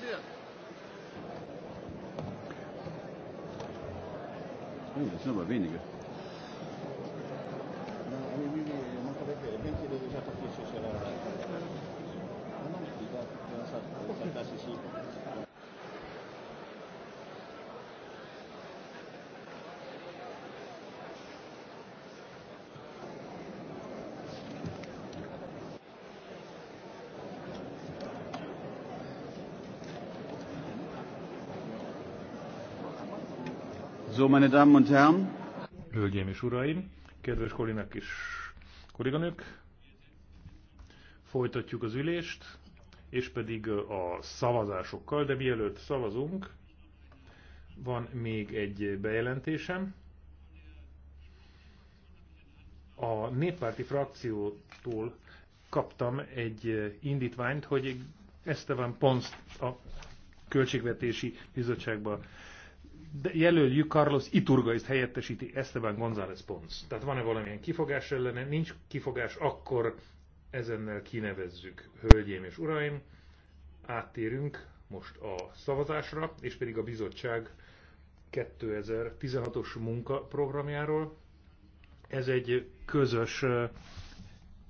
Präsident. Nein, das sind aber weniger. So, meine Damen und Herren. Hölgyeim és uraim, kedves kollégák és kolléganők, folytatjuk az ülést, és pedig a szavazásokkal, de mielőtt szavazunk, van még egy bejelentésem. A néppárti frakciótól kaptam egy indítványt, hogy Esteban Ponsz a Költségvetési Bizottságba de jelöljük Carlos Iturgaiszt helyettesíti Esteban González Pons. Tehát van-e valamilyen kifogás ellene? Nincs kifogás, akkor ezennel kinevezzük, hölgyeim és uraim. Áttérünk most a szavazásra, és pedig a bizottság 2016-os munkaprogramjáról. Ez egy közös